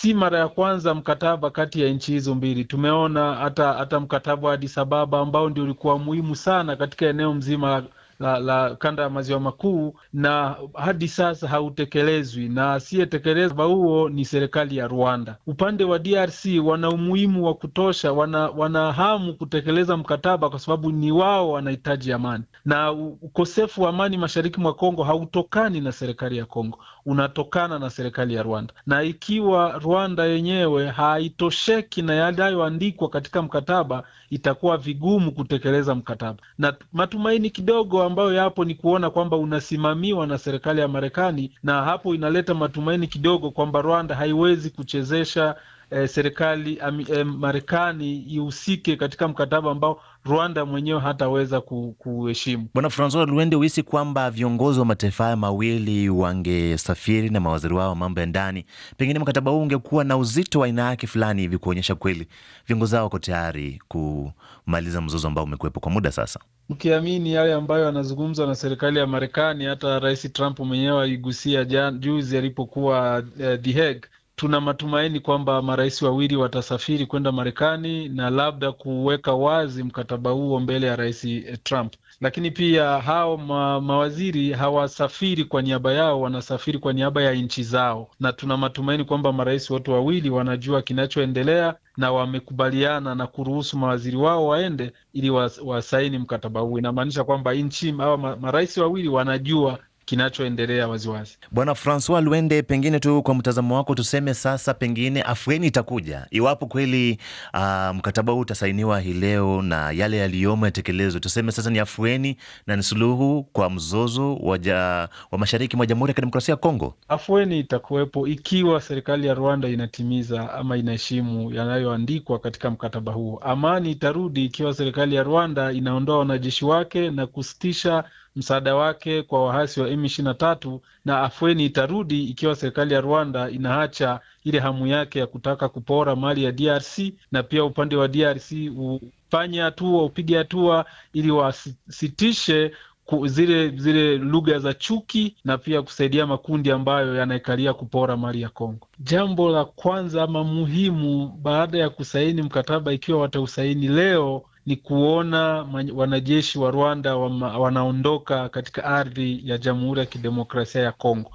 si mara ya kwanza mkataba kati ya nchi hizo mbili. Tumeona hata hata mkataba wa Addis Ababa ambao ndio ulikuwa muhimu sana katika eneo mzima la, la kanda ya maziwa makuu, na hadi sasa hautekelezwi, na asiyetekeleza huo ni serikali ya Rwanda. Upande wa DRC wana umuhimu wa kutosha, wana, wana hamu kutekeleza mkataba kwa sababu ni wao wanahitaji amani, na ukosefu wa amani mashariki mwa Kongo hautokani na serikali ya Kongo, unatokana na serikali ya Rwanda, na ikiwa Rwanda yenyewe haitosheki na yanayoandikwa katika mkataba, itakuwa vigumu kutekeleza mkataba, na matumaini kidogo ambayo yapo ni kuona kwamba unasimamiwa na serikali ya Marekani, na hapo inaleta matumaini kidogo kwamba Rwanda haiwezi kuchezesha eh, serikali eh, Marekani ihusike katika mkataba ambao Rwanda mwenyewe hataweza kuheshimu. Bwana Francois Luende, huhisi kwamba viongozi wa mataifa haya mawili wangesafiri na mawaziri wao wa mambo ya ndani, pengine mkataba huu ungekuwa na uzito wa aina yake fulani hivi, kuonyesha kweli viongozi hao wako tayari kumaliza mzozo ambao umekuwepo kwa muda sasa? Mkiamini yale ambayo anazungumzwa na serikali ya Marekani, hata Rais Trump mwenyewe aigusia juzi alipokuwa uh, The Hague tuna matumaini kwamba marais wawili watasafiri kwenda Marekani na labda kuweka wazi mkataba huo mbele ya Rais eh, Trump. Lakini pia hao ma mawaziri hawasafiri kwa niaba yao, wanasafiri kwa niaba ya nchi zao, na tuna matumaini kwamba marais wote wawili wanajua kinachoendelea na wamekubaliana na kuruhusu mawaziri wao waende ili wasaini mkataba huu. Inamaanisha kwamba nchi hawa marais wawili wanajua kinachoendelea waziwazi. Bwana Francois Luende, pengine tu kwa mtazamo wako tuseme sasa, pengine afueni itakuja iwapo kweli uh, mkataba huu utasainiwa hii leo na yale yaliyomo yatekelezwe. Tuseme sasa ni afueni na ni suluhu kwa mzozo waja, wa mashariki mwa Jamhuri ya Kidemokrasia ya Kongo. Afueni itakuwepo ikiwa serikali ya Rwanda inatimiza ama inaheshimu yanayoandikwa katika mkataba huo. Amani itarudi ikiwa serikali ya Rwanda inaondoa wanajeshi wake na kusitisha msaada wake kwa waasi wa M23 na afweni itarudi ikiwa serikali ya Rwanda inaacha ile hamu yake ya kutaka kupora mali ya DRC na pia upande wa DRC ufanye hatua, upige hatua ili wasitishe zile zile lugha za chuki na pia kusaidia makundi ambayo yanaekalia kupora mali ya Kongo. Jambo la kwanza ama muhimu baada ya kusaini mkataba, ikiwa watausaini leo, ni kuona wanajeshi wa Rwanda wanaondoka katika ardhi ya Jamhuri ya Kidemokrasia ya Kongo.